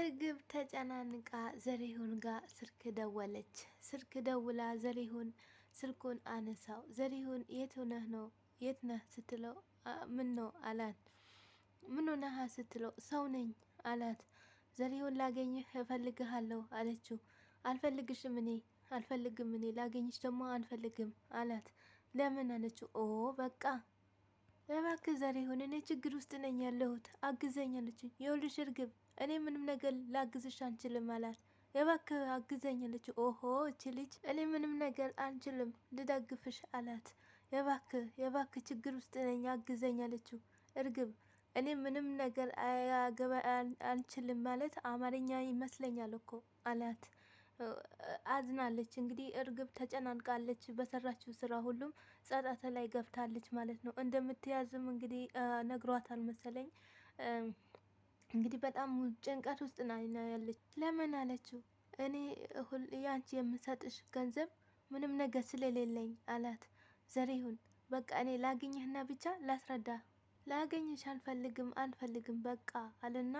እርግብ ተጨናንቃ ዘሪሁን ጋር ስልክ ደወለች። ስልክ ደውላ ዘሪሁን ስልኩን አነሳው። ዘሪሁን የት ሆነህ ነው የት ነህ ስትለው ምን ነው አላት። ምን ሆነህ ስትለው ሰው ነኝ አላት። ዘሪሁን ላገኝህ እፈልግሃለሁ አለችው። አልፈልግሽም እኔ አልፈልግም እኔ ላገኝሽ ደግሞ አልፈልግም አላት። ለምን አለችው። ኦ በቃ እባክህ ዘሪሁን እኔ ችግር ውስጥ ነኝ ያለሁት አግዘኝ አለችኝ። የውልሽ እርግብ እኔ ምንም ነገር ላግዝሽ አንችልም አላት። የባክ አግዘኝ ልጅ። ኦሆ እች ልጅ እኔ ምንም ነገር አንችልም ልደግፍሽ አላት። የባክህ የባክህ ችግር ውስጥ ነኝ አግዘኝ አለችው። እርግብ እኔ ምንም ነገር አንችልም ማለት አማርኛ ይመስለኛል እኮ አላት። አዝናለች እንግዲህ እርግብ ተጨናንቃለች። በሰራችው ስራ ሁሉም ጸጥታ ላይ ገብታለች ማለት ነው። እንደምትያዝም እንግዲህ ነግሯታል መሰለኝ። እንግዲህ በጣም ጭንቀት ውስጥ ያለች። ለምን አለችው። እኔ ያንቺ የምሰጥሽ ገንዘብ ምንም ነገር ስለሌለኝ አላት። ዘሪሁን በቃ እኔ ላግኝህና ብቻ ላስረዳ፣ ላገኝሽ አልፈልግም አልፈልግም በቃ አልና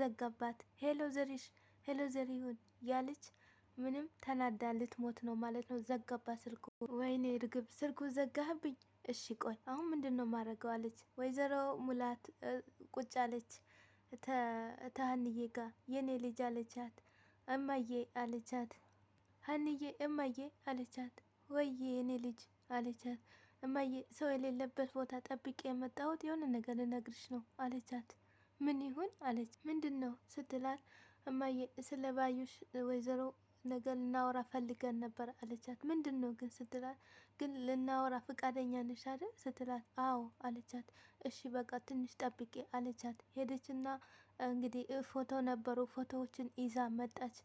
ዘጋባት። ሄሎ ዘሪሽ፣ ሄሎ ዘሪሁን ያለች ምንም ተናዳ ልትሞት ነው ማለት ነው። ዘጋባ ስልኩ። ወይኔ ርግብ ስልኩ ዘጋህብኝ። እሺ ቆይ አሁን ምንድን ነው ማድረገው? አለች ወይዘሮ ሙላት ቁጭ አለች። ተሀንዬ ጋ የኔ ልጅ አለቻት። እማዬ አለቻት። ሀንዬ እማዬ አለቻት። ወይዬ የኔ ልጅ አለቻት። እማዬ ሰው የሌለበት ቦታ ጠብቄ የመጣሁት የሆነ ነገር ልነግርሽ ነው አለቻት። ምን ይሁን አለች። ምንድን ነው ስትላት እማዬ ስለ ባዩሽ ወይዘሮ ነገር ልናወራ ፈልገን ነበር አለቻት። ምንድን ነው ግን ስትላት፣ ግን ልናወራ ፍቃደኛ ነሽ አይደል ስትላት፣ አዎ አለቻት። እሺ በቃ ትንሽ ጠብቄ አለቻት። ሄደችና እንግዲህ ፎቶ ነበሩ ፎቶዎችን ይዛ መጣች።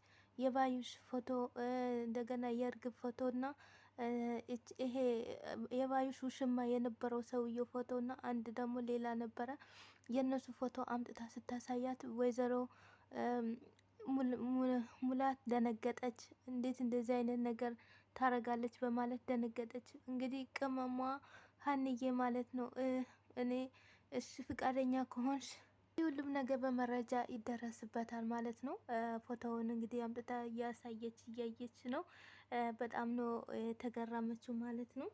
የባዩሽ ፎቶ እንደገና የእርግብ ፎቶና ይሄ የባዩሽ ውሽማ የነበረው ሰውዬው እና አንድ ደግሞ ሌላ ነበረ። የእነሱ ፎቶ አምጥታ ስታሳያት ወይዘሮ ሙላት ደነገጠች። እንዴት እንደዚህ አይነት ነገር ታረጋለች በማለት ደነገጠች። እንግዲህ ቅመሟ ሀንዬ ማለት ነው እኔ እሺ ፍቃደኛ ከሆንሽ ሁሉም ነገር በመረጃ ይደረስበታል ማለት ነው። ፎቶውን እንግዲህ አምጥታ እያሳየች እያየች ነው። በጣም ነው የተገረመችው ማለት ነው።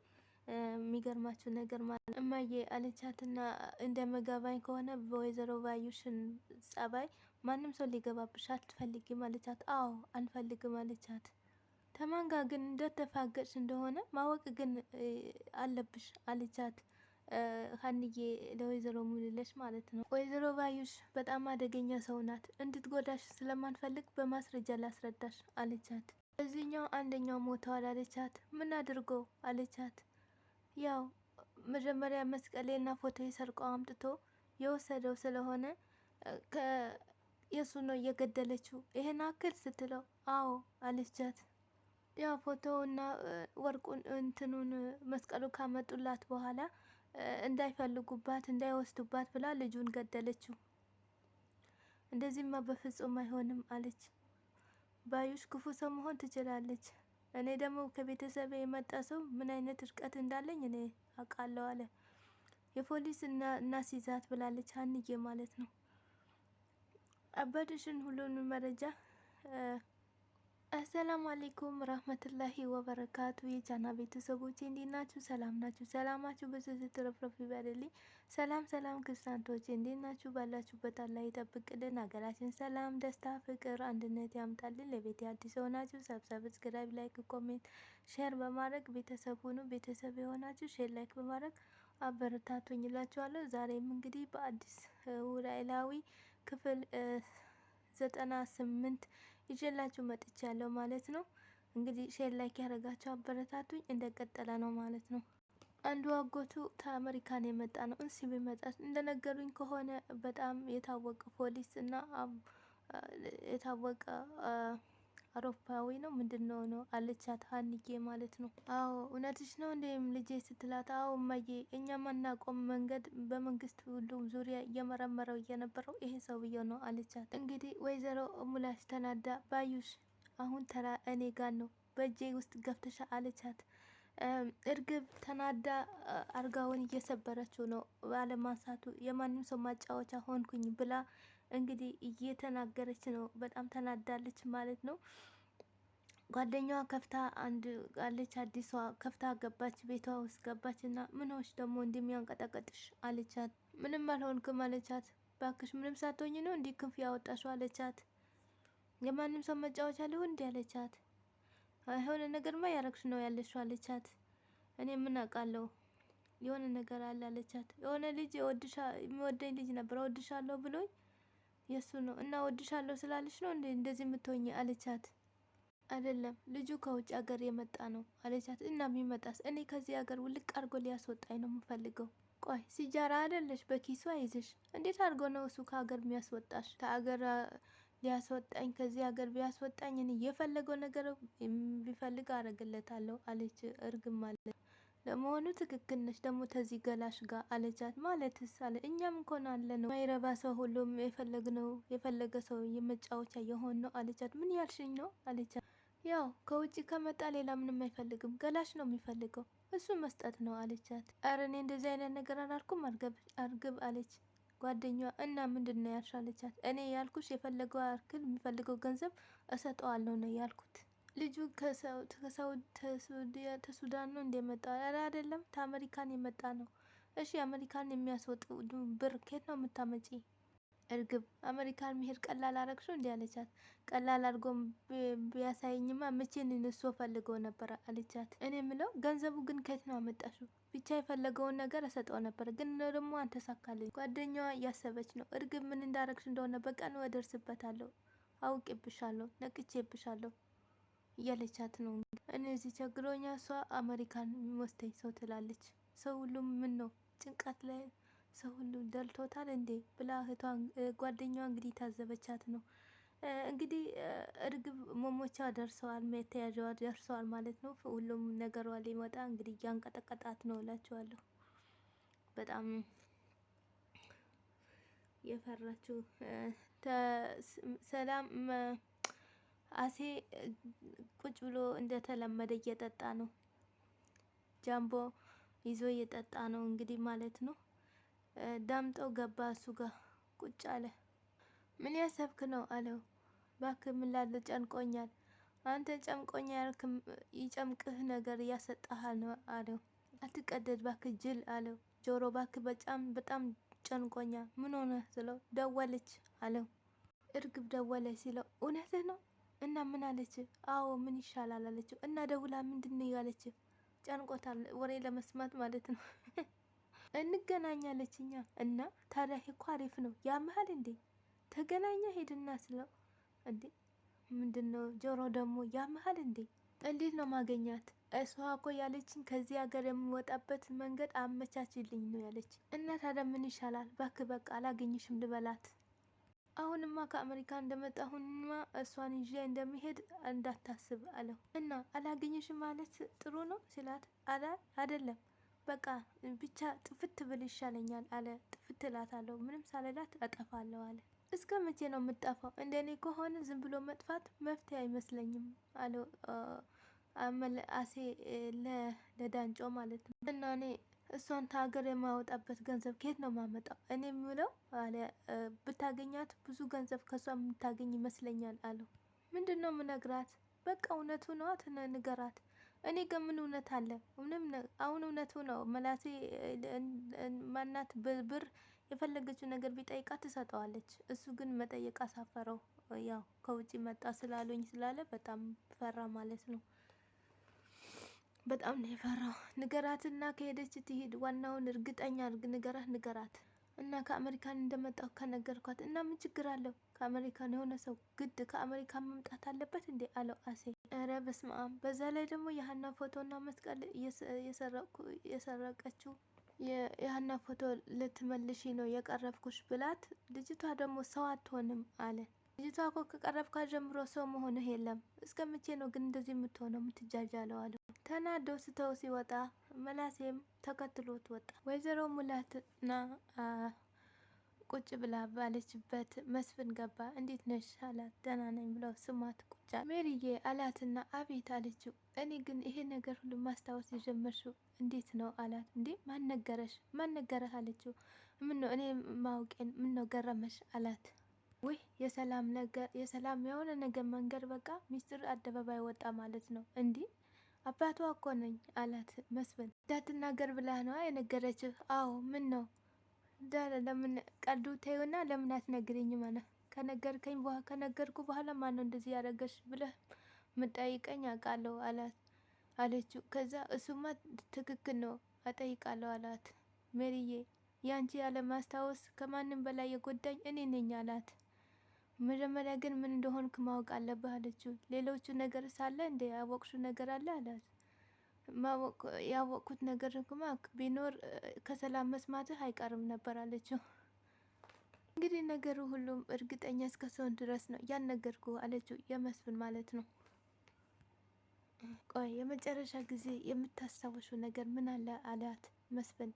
የሚገርማችሁ ነገር ማለት እማዬ አለቻትና እንደመጋባኝ ከሆነ በወይዘሮ ባዩሽን ጸባይ ማንም ሰው ሊገባብሽ አትፈልጊም አለቻት። አዎ አልፈልግም አለቻት። ተማን ጋር ግን እንደተፋገጭ እንደሆነ ማወቅ ግን አለብሽ አለቻት። ሀንዬ ለወይዘሮ ሙሉለሽ ማለት ነው። ወይዘሮ ባዩሽ በጣም አደገኛ ሰው ናት፣ እንድትጎዳሽ ስለማንፈልግ በማስረጃ ላስረዳሽ አለቻት። በዚህኛው አንደኛው ሞተዋል አለቻት። ምን አድርጎ አለቻት። ያው መጀመሪያ መስቀሌና ፎቶ ሰርቆ አምጥቶ የወሰደው ስለሆነ የሱ ነው እየገደለችው ይሄን አክል ስትለው አዎ አለቻት። ያ እና ወርቁን እንትኑን መስቀሉ ካመጡላት በኋላ እንዳይፈልጉባት እንዳይወስዱባት ብላ ልጁን ገደለችው። እንደዚህማ በፍጹም አይሆንም አለች። ባዩሽ ክፉ ሰው መሆን ትችላለች። እኔ ደግሞ ከቤተሰብ የመጣ ሰው ምን አይነት እርቀት እንዳለኝ እኔ አውቃለሁ አለ። የፖሊስ እናስይዛት ብላለች፣ አንዬ ማለት ነው። አበድሽን ሁሉን መረጃ አሰላሙ አሌይኩም ረህመቱላሂ ወበረካቱ የቻና ቤተሰቦቼ እንዴት ናችሁ? ሰላም ናችሁ? ሰላማችሁ ብዙ ትረፍረፍ ይበልልኝ። ሰላም ሰላም ክርስቲያንቶች እንዴት ናችሁ? ባላችሁበት አላህ ይጠብቅልን። ሀገራችን ሰላም፣ ደስታ፣ ፍቅር፣ አንድነት ያምጣልን። ለቤት አዲስ የሆናችሁ ሰብስክራይብ፣ ላይክ፣ ኮሜንት፣ ሼር በማድረግ ቤተሰብ ሁኑ። ቤተሰብ የሆናችሁ ሼር፣ ላይክ በማድረግ አበረታቱኝ እላችኋለሁ። ዛሬም እንግዲህ በአዲስ ኖላዊ ክፍል ዘጠና ስምንት ይዤላችሁ መጥቻለሁ ማለት ነው። እንግዲህ ሼር ላይክ ያደረጋችሁ አበረታቱኝ። እንደቀጠለ ነው ማለት ነው። አንዱ አጎቱ ከአሜሪካን የመጣ ነው። እንስ ቢመጣ እንደነገሩኝ ከሆነ በጣም የታወቀ ፖሊስ እና የታወቀ አውሮፓዊ ነው ምንድን ነው ነው አለቻት ሀንዬ ማለት ነው። አዎ እውነትሽ ነው እንዴም ልጄ ስትላት፣ አዎ እማዬ እኛ ማናቆም መንገድ በመንግስት ሁሉም ዙሪያ እየመረመረው እየነበረው ይሄ ሰውዬው ነው አለቻት። እንግዲህ ወይዘሮ ሙላሽ ተናዳ ባዩሽ አሁን ተራ እኔ ጋር ነው በእጄ ውስጥ ገብተሻ አለቻት። እርግብ ተናዳ አልጋውን እየሰበረችው ነው። ባለማንሳቱ የማንም ሰው ማጫወቻ ሆንኩኝ ብላ እንግዲህ እየተናገረች ነው። በጣም ተናዳለች ማለት ነው። ጓደኛዋ ከፍታ አንድ አለች፣ አዲሷ ከፍታ ገባች፣ ቤቷ ውስጥ ገባች እና ምኖች ደግሞ እንደሚያንቀጠቀጥሽ አለቻት። ምንም አልሆንክም አለቻት። ባክሽ ምንም ሳትሆኝ ነው እንዲህ ክንፍ ያወጣሽው አለቻት። የማንም ሰው መጫወቻ ሊሆን እንዲህ አለቻት። የሆነ ነገርማ ያረግሽ ነው ያለሽው አለቻት። እኔ ምን አውቃለሁ የሆነ ነገር አለ አለቻት። የሆነ ልጅ የሚወደኝ ልጅ ነበር ወድሻለሁ ብሎኝ የእሱ ነው እና ወድሻለሁ ስላለች ነው እንዴ እንደዚህ የምትሆኝ አለቻት። አይደለም ልጁ ከውጭ ሀገር የመጣ ነው አለቻት። እና የሚመጣስ እኔ ከዚህ ሀገር ውልቅ አድርጎ ሊያስወጣኝ ነው የምፈልገው። ቆይ ሲጃራ አይደለሽ በኪሱ አይዝሽ እንዴት አድርጎ ነው እሱ ከሀገር የሚያስወጣሽ? ከሀገር ሊያስወጣኝ ከዚህ ሀገር ቢያስወጣኝ እኔ የፈለገው ነገር ቢፈልግ አረግለታለሁ አለች እርግም ማለት ለመሆኑ ትክክል ነች ደግሞ ተዚህ ገላሽ ጋር አለቻት ማለትስ አለ እኛም እንኮን አለ ነው ማይረባ ሰው ሁሉም ነው የፈለገ ሰው የመጫወቻ የሆን ነው አለቻት ምን ያልሽኝ ነው አለቻት ያው ከውጭ ከመጣ ሌላ ምንም አይፈልግም ገላሽ ነው የሚፈልገው እሱ መስጠት ነው አለቻት አረ እኔ እንደዚህ አይነት ነገር አላልኩም አርግብ አለች ጓደኛዋ እና ምንድን ነው ያልሽ እኔ ያልኩሽ የፈለገው ያክል የሚፈልገው ገንዘብ እሰጠዋለሁ ነው ያልኩት። ልጁ ከሱዳን ነው እንደመጣ ኧረ አይደለም፣ ከአሜሪካን የመጣ ነው። እሺ አሜሪካን የሚያስወጡ ብር ከየት ነው የምታመጪ? እርግብ አሜሪካን መሄድ ቀላል አረግሽው እንዲህ አለቻት። ቀላል አድርጎ ቢያሳይኝማ መቼን እሱ ፈልገው ነበር አለቻት። እኔ ምለው ገንዘቡ ግን ከየት ነው አመጣሽው? ብቻ የፈለገውን ነገር እሰጠው ነበር፣ ግን ደግሞ አንተሳካልኝ። ጓደኛዋ እያሰበች ነው። እርግብ ምን እንዳረግሽ እንደሆነ በቀን እደርስበታለሁ፣ አውቄብሻለሁ፣ ነቅቼብሻለሁ እያለቻት ነው። እኔ እዚህ ቸግሮኛ፣ እሷ አሜሪካን ወስደኝ ሰው ትላለች። ሰው ሁሉም ምን ነው ጭንቀት ላይ ሰው ሁሉ ደልቶታል እንዴ ብላ እህቷ ጓደኛዋ እንግዲህ ታዘበቻት ነው። እንግዲህ እርግብ ሞሞቿ ደርሰዋል፣ መተያዣዋ ደርሰዋል ማለት ነው። ሁሉም ነገሯ ሊመጣ እንግዲህ እያንቀጠቀጣት ነው እላችኋለሁ። በጣም የፈራችው ሰላም አሴ ቁጭ ብሎ እንደተለመደ እየጠጣ ነው። ጃምቦ ይዞ እየጠጣ ነው እንግዲህ ማለት ነው። ዳምጠው ገባ እሱ ጋር ቁጭ አለ። ምን ያሰብክ ነው አለው። ባክ ምን ላለ ጨንቆኛል። አንተ ጨንቆኛ ያልክ ይጨምቅህ ነገር እያሰጠሃል ነው አለው። አትቀደድ ባክ ጅል አለው። ጆሮ ባክ በጣም በጣም ጨንቆኛ ምን ሆነ ስለው ደወለች አለው። እርግብ ደወለች ሲለው እውነትህ ነው እና ምን አለች? አዎ ምን ይሻላል አለችው። እና ደውላ ምንድን ያለች? ጨንቆታል ወሬ ለመስማት ማለት ነው። እንገናኛለች እኛ እና ታዲያ እኮ አሪፍ ነው ያመሃል እንዴ ተገናኘ ሄድና ስለው እንዴ ምንድን ነው ጆሮ ደግሞ ያመሃል እንዴ እንዴት ነው ማገኛት እሷ እኮ ያለችን ከዚህ ሀገር የምወጣበት መንገድ አመቻችልኝ ነው ያለች እና ታዲያ ምን ይሻላል ባክ በቃ አላገኝሽም ልበላት አሁንማ ከአሜሪካ እንደመጣ አሁንማ እሷን ይዤ እንደሚሄድ እንዳታስብ አለው እና አላገኝሽም ማለት ጥሩ ነው ሲላት አላ አይደለም በቃ ብቻ ጥፍት ብል ይሻለኛል አለ። ጥፍት እላታለሁ፣ ምንም ሳልላት አጠፋለሁ አለ። እስከ መቼ ነው የምጠፋው? እንደኔ ከሆነ ዝም ብሎ መጥፋት መፍትሄ አይመስለኝም አለው። አሴ ለዳንጮ ማለት ነው። እና እኔ እሷን ታገር የማወጣበት ገንዘብ ከየት ነው ማመጣው? እኔ የሚውለው አለ። ብታገኛት ብዙ ገንዘብ ከሷ የምታገኝ ይመስለኛል አለው። ምንድን ነው ምነግራት? በቃ እውነቱ ነዋ፣ ንገራት እኔ ጋ ምን እውነት አለ? ምንም አሁን እውነቱ ነው። መላሴ ማናት ብር የፈለገችው ነገር ቢጠይቃት ትሰጠዋለች። እሱ ግን መጠየቅ አሳፈረው። ያው ከውጭ መጣ ስላሉኝ ስላለ በጣም ፈራ ማለት ነው። በጣም ነው የፈራው። ንገራትና ከሄደች ትሄድ። ዋናውን እርግጠኛ እርግ ንገራት ንገራት እና ከአሜሪካን እንደመጣሁ ከነገርኳት እና ምን ችግር አለው? ከአሜሪካን የሆነ ሰው ግድ ከአሜሪካን መምጣት አለበት እንዴ? አለው አሴ እረ በስመ አብ። በዛ ላይ ደግሞ የሀና ፎቶና መስቀል የሰረቀችው የሀና ፎቶ ልትመልሺ ነው የቀረብኩሽ ብላት፣ ልጅቷ ደግሞ ሰው አትሆንም አለ። ልጅቷ እኮ ከቀረብካ ጀምሮ ሰው መሆንህ የለም። እስከ መቼ ነው ግን እንደዚህ የምትሆነው የምትጃጃለው? አለ ተናዶ ስተው ሲወጣ መላሴም ተከትሎት ወጣ። ወይዘሮ ሙላትና ቁጭ ብላ ባለችበት መስፍን ገባ። እንዴት ነሽ አላት። ደህና ነኝ ብለው ስማት ቁጫ ሜሪዬ አላትና አቤት አለችው። እኔ ግን ይሄ ነገር ሁሉ ማስታወስ የጀመርሽው እንዴት ነው አላት። እንዴ ማን ነገረሽ? ማን ነገረህ አለችው። ምን ነው እኔ ማውቄን ምን ነው ገረመሽ አላት። ውህ የሰላም ነገር የሰላም የሆነ ነገር መንገድ በቃ ሚስጥር አደባባይ ወጣ ማለት ነው እንዲህ አባቷ እኮ ነኝ አላት መስፍን። እንዳትናገር ብላ ነዋ የነገረችህ። አዎ ምን ነው ለምን ቀልዱ ታዩና ለምን አትነግሪኝም አለ። ከነገርከኝ ከነገርኩ በኋላ ማን ነው እንደዚህ ያደረገሽ ብለህ ምጠይቀኝ አውቃለሁ አላት አለችው። ከዛ እሱማ ትክክል ነው አጠይቃለሁ አላት። ሜሪዬ ያንቺ ያለ ማስታወስ ከማንም በላይ የጎዳኝ እኔ ነኝ አላት። መጀመሪያ ግን ምን እንደሆንክ ማወቅ አለብህ አለችው። ሌሎቹ ነገር ሳለ እንደ ያወቅሹ ነገር አለ አላት። ያወቅኩት ነገር ግማ ቢኖር ከሰላም መስማትህ አይቀርም ነበር አለችው። እንግዲህ ነገሩ ሁሉም እርግጠኛ እስከ ሰውን ድረስ ነው ያን አለችው። የመስፍን ማለት ነው። ቆይ የመጨረሻ ጊዜ የምታስታውሹ ነገር ምን አለ አላት መስፍን።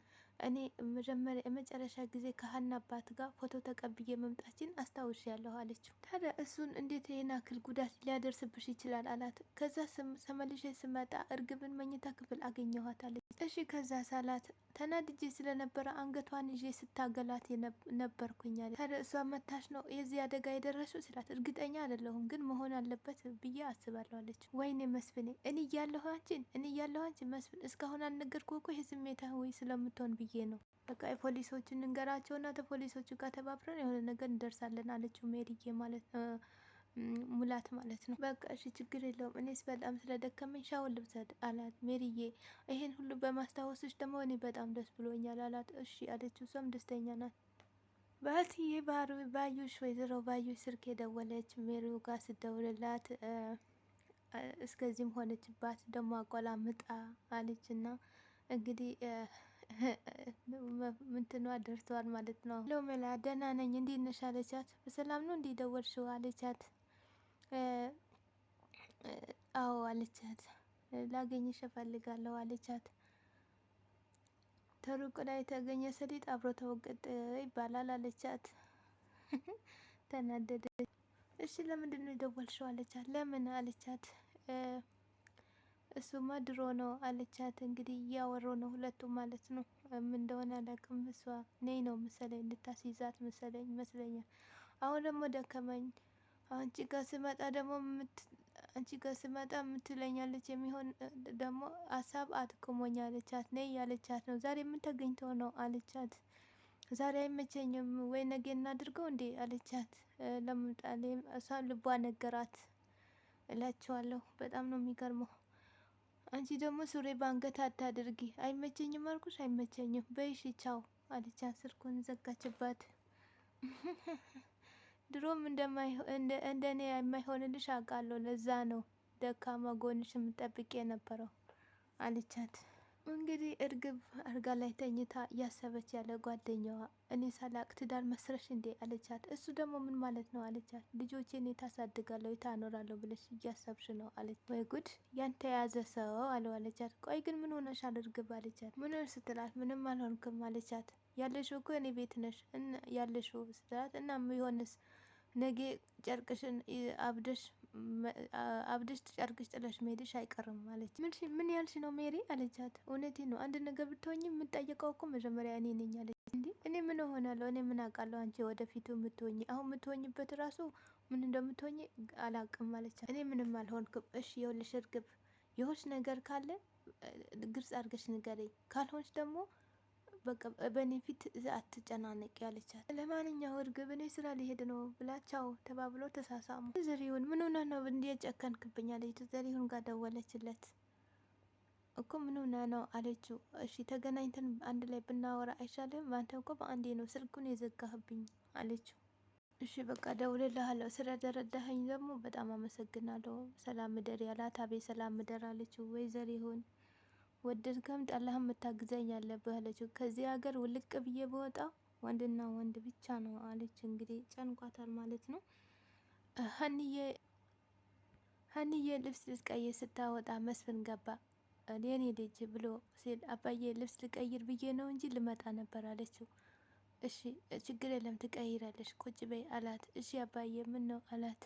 እኔ መጀመሪያ የመጨረሻ ጊዜ ከሀና አባት ጋር ፎቶ ተቀብዬ መምጣችን አስታውሽ ያለሁ አለችው። ታዲያ እሱን እንዴት ይህን አክል ጉዳት ሊያደርስብሽ ይችላል አላት። ከዛ ተመልሼ ስመጣ እርግብን መኝታ ክፍል አገኘኋት አለች። እሺ ከዛ ሳላት ተናድጄ ስለነበረ አንገቷን ይዤ ስታገላት ነበርኩኝ አለ። ታዲያ እሷ መታሽ ነው የዚህ አደጋ የደረሱ ስላት፣ እርግጠኛ አይደለሁም ግን መሆን አለበት ብዬ አስባለሁ አለች። ወይኔ መስፍኔ እኔ እያለሁ አንቺን እኔ እያለሁ አንቺን መስፍን እስካሁን አልነገርኩህ እኮ ይህ ስሜታ ስለምትሆን ብዬ ብዬ ነው። በቃ እንንገራቸው እና ተፖሊሶቹ ጋር ተባብረን የሆነ ነገር እንደርሳለን አለችው ሜሪዬ ማለት ሙላት ማለት ነው። በቃ እሺ ችግር የለውም እኔስ በጣም ስለደከመኝ ሻወር ልብሰድ አላት ሜሪዬ። ይሄን ሁሉ በማስታወስሽ ደግሞ እኔ በጣም ደስ ብሎኛል አላት። እሺ አለችው። እሷም ደስተኛ ናት። በእህትዬ ባዩሽ ወይዘሮ ባዩሽ ስልክ የደወለች ሜሪው ጋር ስደውልላት እስከዚህም ሆነችባት። ደግሞ አለች አለችና እንግዲህ ምንትኗ ደርሰዋል ማለት ነው። ሎሜላ ደህና ነኝ እንዴት ነሽ አለቻት። በሰላም ነው እንዴ ደወልሽው አለቻት። አዎ አለቻት። ላገኝሽ እፈልጋለሁ አለቻት። ተሩቅ ላይ የተገኘ ሰሊጥ አብሮ ተወቀጠ ይባላል አለቻት። ተናደደ። እሺ ለምንድን ነው የደወልሽው አለቻት። ለምን አለቻት። እሱማ ድሮ ነው አለቻት። እንግዲህ እያወሩ ነው ሁለቱ ማለት ነው። ምን እንደሆነ አላውቅም። እሷ ነይ ነው መሰለኝ እንድታስይዛት መሰለኝ ይመስለኛል። አሁን ደግሞ ደከመኝ። አንቺ ጋር ስመጣ ደግሞ አንቺ ጋር ስመጣ የሚሆን ደግሞ ሀሳብ አድክሞኝ አለቻት። ነይ ያለቻት ነው። ዛሬ ምን ተገኝተው ነው አለቻት። ዛሬ አይመቸኝም ወይ ነገ እናድርገው እንዴ አለቻት። ለምጣሌ እሷ ልቧ ነገራት እላቸዋለሁ። በጣም ነው የሚገርመው። አንቺ ደግሞ ሱሪ በአንገት አታድርጊ፣ አይመቸኝም አልኩሽ፣ አይመቸኝም በይሽ፣ ቻው አለቻት። ስልኩን ዘጋችባት። ድሮም እንደኔ የማይሆንልሽ አውቃለሁ፣ ለዛ ነው ደካማ ጎንሽ የምጠብቅ የነበረው አለቻት። እንግዲህ እርግብ አልጋ ላይ ተኝታ እያሰበች ያለ ጓደኛዋ እኔ ሳላቅ ትዳር መስረሽ እንዴ አለቻት። እሱ ደግሞ ምን ማለት ነው አለቻት። ልጆቼ እኔ ታሳድጋለሁ ታኖራለሁ ብለሽ እያሰብሽ ነው አለች። ወይ ጉድ ያንተ የያዘ ሰው አለው አለቻት። ቆይ ግን ምን ሆነሻል እርግብ አለቻት። ምን ሆን ስትላት ምንም አልሆንክም አለቻት። ያለሽ እኮ እኔ ቤት ነሽ ያለሽ ስትላት እና የሆንስ ነጌ ጨርቅሽን አብደሽ አብደሽ ጨርቅሽ ጥለሽ መሄድሽ አይቀርም አለች። ምን ያልሽ ነው ሜሪ አለቻት። እውነቴ ነው አንድ ነገር ብትሆኝ የምጠየቀው እኮ መጀመሪያ እኔ ነኝ አለች። እንዲ እኔ ምን እሆናለሁ? እኔ ምን አውቃለሁ? አንቺ ወደፊቱ የምትሆኝ አሁን የምትሆኝበት ራሱ ምን እንደምትሆኝ አላውቅም አለቻት። እኔ ምንም አልሆንኩም። እሽ የውልሽ እርግብ የሆች ነገር ካለ ግልጽ አድርገሽ ንገረኝ፣ ካልሆንሽ ደግሞ በቃ በእኔ ፊት አትጨናነቅ ያለቻት። ለማንኛው እርግብ እኔ ስራ ሊሄድ ነው ብላቻው ተባብሎ ተሳሳሙ። ዘሪሁን ምን ሆነ ነው እንዲህ ጨከንክብኝ አለች። ዘሪሁን ጋር ደወለችለት እኮ ምን ሆነ ነው አለችው። እሺ ተገናኝተን አንድ ላይ ብናወራ አይሻልም? አንተ እኮ በአንዴ ነው ስልኩን የዘጋህብኝ አለችው። እሺ በቃ ደውልልሃለሁ። ስለ ደረዳኸኝ ደግሞ በጣም አመሰግናለሁ። ሰላም ምደር ያላት። አቤ ሰላም ምደር አለችው። ወይ ዘሪሁን ወደድከም ጠላህም የምታግዘኝ ያለ አለችው። ከዚህ ሀገር ውልቅ ብዬ በወጣ ወንድና ወንድ ብቻ ነው አለች። እንግዲህ ጨንቋታል ማለት ነው። ሀኒዬ ልብስ ልትቀይር ስታወጣ መስፍን ገባ። የኔ ልጅ ብሎ ሲል አባዬ ልብስ ልቀይር ብዬ ነው እንጂ ልመጣ ነበር አለችው። እሺ ችግር የለም ትቀይራለች፣ ቁጭ በይ አላት። እሺ አባዬ ምን ነው አላት።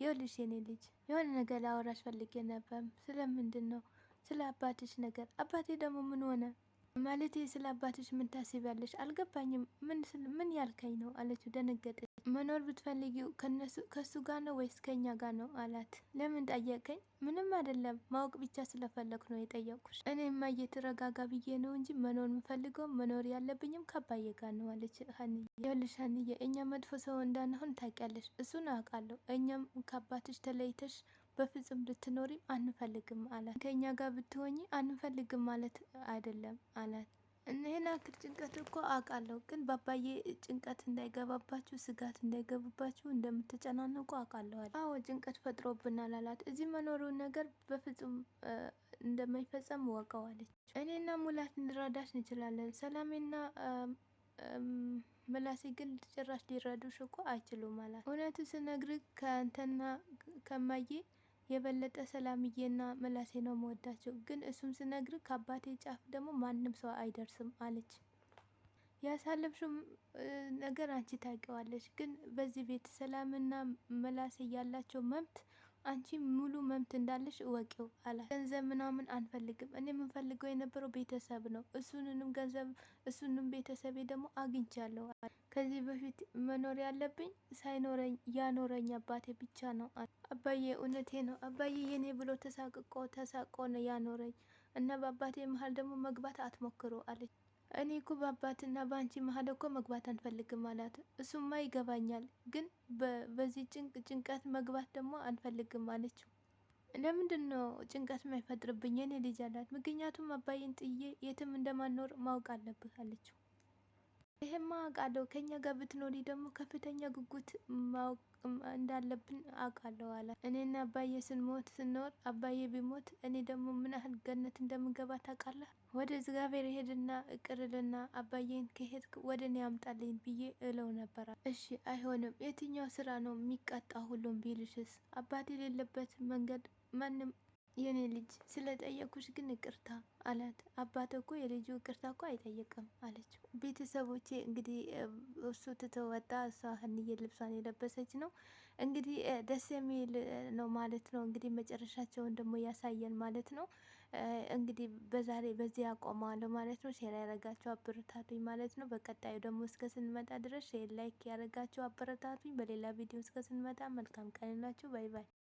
ይኸውልሽ የኔ ልጅ የሆነ ነገር ላወራሽ ፈልጌ ነበር። ስለምንድን ነው ስለ አባትሽ ነገር አባቴ ደግሞ ምን ሆነ ማለቴ ስለ አባትሽ ምን ታስቢያለሽ? አልገባኝም። ምን ያልከኝ ነው አለችው። ደነገጠች። መኖር ብትፈልጊው ከሱ ጋር ነው ወይስ ከኛ ጋር ነው አላት። ለምን ጠየቀኝ? ምንም አይደለም፣ ማወቅ ብቻ ስለፈለግኩ ነው የጠየቅኩሽ። እኔማ እየተረጋጋ ብዬ ነው እንጂ መኖር የምፈልገው መኖር ያለብኝም ከባዬ ጋር ነው አለች ሀኒዬ። ይኸውልሽ ሀኒዬ፣ እኛ መጥፎ ሰው እንዳንሆን ታውቂያለሽ። እሱን አውቃለሁ። እኛም ከአባትሽ ተለይተሽ በፍጹም ልትኖሪም አንፈልግም አላት። ከእኛ ጋር ብትሆኚ አንፈልግም ማለት አይደለም አላት። ይህን አክል ጭንቀት እኮ አውቃለሁ፣ ግን ባባዬ ጭንቀት እንዳይገባባችሁ ስጋት እንዳይገቡባችሁ እንደምትጨናነቁ አውቃለሁ አለ። አዎ ጭንቀት ፈጥሮብናል አላት። እዚህ መኖሩን ነገር በፍጹም እንደማይፈጸም ወቀዋለች። እኔና ሙላት እንረዳሽ እንችላለን። ሰላሜና መላሴ ግን ጭራሽ ሊረዱሽ እኮ አይችሉም አላት። እውነቱ ስነግርህ ከአንተና ከማዬ የበለጠ ሰላምዬና መላሴ ነው መወዳቸው፣ ግን እሱም ስነግር ከአባቴ ጫፍ ደግሞ ማንም ሰው አይደርስም አለች። ያሳለፍሽው ነገር አንቺ ታውቂዋለሽ፣ ግን በዚህ ቤት ሰላምና መላሴ ያላቸው መብት አንቺ ሙሉ መብት እንዳለሽ እወቂው አላት። ገንዘብ ምናምን አንፈልግም። እኔ የምንፈልገው የነበረው ቤተሰብ ነው። እሱንንም ገንዘብ እሱንም ቤተሰቤ ደግሞ አግኝቻለሁ። ከዚህ በፊት መኖር ያለብኝ ሳይኖረኝ ያኖረኝ አባቴ ብቻ ነው። አባዬ እውነቴ ነው አባዬ የኔ ብሎ ተሳቅቆ ተሳቆ ነው ያኖረኝ እና በአባቴ መሀል ደግሞ መግባት አትሞክሮ አለች። እኔ እኮ በአባትና በአንቺ መሀል እኮ መግባት አንፈልግም አላት። እሱማ ይገባኛል፣ ግን በዚህ ጭንቀት መግባት ደግሞ አንፈልግም አለችው። ለምንድን ነው ጭንቀት የማይፈጥርብኝ የኔ ልጅ አላት። ምክንያቱም አባዬን ጥዬ የትም እንደማኖር ማወቅ አለብህ አለችው። ይሄማ አውቃለሁ። ከኛ ጋር ብትኖሪ ደግሞ ከፍተኛ ጉጉት ማወቅ እንዳለብን አውቃለሁ አለ። እኔና አባዬ ስንሞት ስንኖር አባዬ ቢሞት እኔ ደግሞ ምን ያህል ገነት እንደምገባ ታውቃለህ። ወደ እግዚአብሔር ሄድና እቅርልና አባዬን ከሄድክ ወደ እኔ አምጣልኝ ብዬ እለው ነበራ። እሺ አይሆንም፣ የትኛው ስራ ነው የሚቀጣ ሁሉም ቢልሽስ? አባት የሌለበት መንገድ ማንም የኔ ልጅ ስለጠየኩሽ ግን ይቅርታ አላት። አባት እኮ የልጁ ይቅርታ እኮ አይጠየቅም አለችው። ቤተሰቦቼ እንግዲህ እሱ ትተወጣ እሷ ህንዬ ልብሷን የለበሰች ነው እንግዲህ ደስ የሚል ነው ማለት ነው። እንግዲህ መጨረሻቸውን ደግሞ ያሳየን ማለት ነው። እንግዲህ በዛሬ በዚህ አቆማለሁ ማለት ነው። ሼር ያደረጋችሁ አበረታቱኝ ማለት ነው። በቀጣዩ ደግሞ እስከ ስንመጣ ድረስ ሼር ላይክ ያደረጋችሁ አበረታቱኝ። በሌላ ቪዲዮ እስከ ስንመጣ መልካም ቀን ናችሁ። ባይ ባይ።